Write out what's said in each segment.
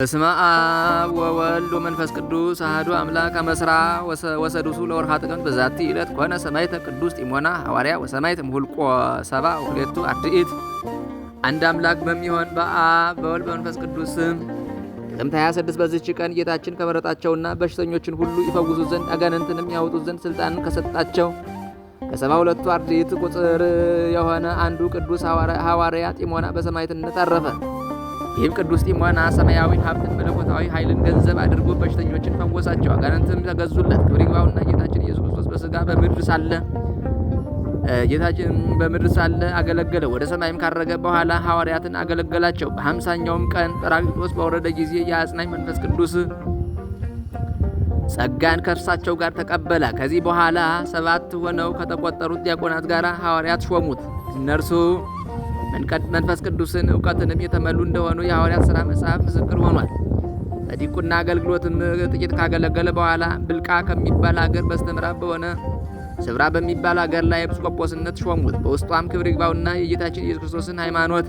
በስመ አብ ወወልድ ወመንፈስ ቅዱስ አህዱ አምላክ አመስራ ወሰዱሱ ለወርሃ ጥቅምት በዛቲ ዕለት ኮነ ሰማዕተ ቅዱስ ጢሞና ሐዋርያ ወሰማዕት እምኍልቍ ሰባ ወሁለቱ አርድእት። አንድ አምላክ በሚሆን በአብ በወልድ በመንፈስ ቅዱስ ስም ጥቅምት 26 በዚች ቀን ጌታችን ከመረጣቸውና በሽተኞችን ሁሉ ይፈውሱ ዘንድ አጋንንትንም ያወጡት ዘንድ ስልጣንን ከሰጣቸው ከሰባ ሁለቱ አርድእት ቁጥር የሆነ አንዱ ቅዱስ ሐዋርያ ጢሞና በሰማይትነት አረፈ። ይህም ቅዱስ ጢሞና ሰማያዊን ሀብትን መለኮታዊ ኃይልን ገንዘብ አድርጎ በሽተኞችን ፈወሳቸው፣ አጋንንትም ተገዙለት። ክብር ይግባውና ጌታችን ኢየሱስ ክርስቶስ በስጋ በምድር ሳለ ጌታችን በምድር ሳለ አገለገለ። ወደ ሰማይም ካረገ በኋላ ሐዋርያትን አገለገላቸው። በሀምሳኛውም ቀን ጰራቅሊጦስ በወረደ ጊዜ የአጽናኝ መንፈስ ቅዱስ ጸጋን ከእርሳቸው ጋር ተቀበለ። ከዚህ በኋላ ሰባት ሆነው ከተቆጠሩት ዲያቆናት ጋር ሐዋርያት ሾሙት። እነርሱ መንፈስ ቅዱስን እውቀትንም የተመሉ እንደሆኑ የሐዋርያት ሥራ መጽሐፍ ምስክር ሆኗል። በዲቁና አገልግሎትም ጥቂት ካገለገለ በኋላ ብልቃ ከሚባል አገር በስተምዕራብ በሆነ ስብራ በሚባል አገር ላይ ኤጲስቆጶስነት ሾሙት። በውስጧም ክብር ይግባውና የጌታችን ኢየሱስ ክርስቶስን ሃይማኖት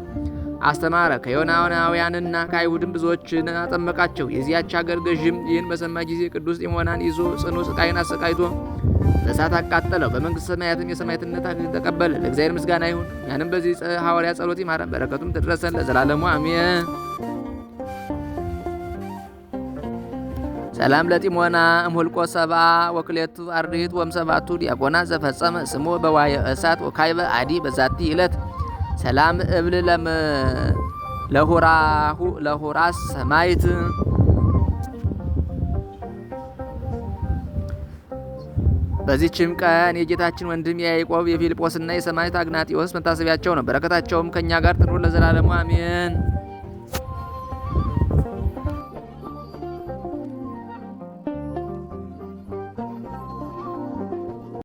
አስተማረ። ከዮናውያንና ከአይሁድም ብዙዎችን አጠመቃቸው። የዚያች አገር ገዥም ይህን በሰማ ጊዜ ቅዱስ ጢሞናን ይዞ ጽኑ ስቃይን አሰቃይቶ በእሳት አቃጠለው። በመንግስት ሰማያትም የሰማዕትነት አክሊል ተቀበለ። ለእግዚአብሔር ምስጋና ይሁን። እኛንም በዚህ ሐዋርያ ጸሎት ይማረን፣ በረከቱም ትድረሰን ለዘላለሙ አሜን። ሰላም ለጢሞና እምሁልቆ ሰብአ ወክሌቱ አርድእት ወምሰባቱ ዲያቆና ዘፈጸመ ስሙ በዋየ እሳት ወካይበ አዲ በዛቲ ይለት ሰላም እብል ለሁራሁ ለሁራስ ሰማይት በዚህችም ቀን የጌታችን ወንድም የያዕቆብ የፊልጶስና የሰማዕት አግናጢዎስ መታሰቢያቸው ነው። በረከታቸውም ከእኛ ጋር ትኑር ለዘላለሙ አሜን።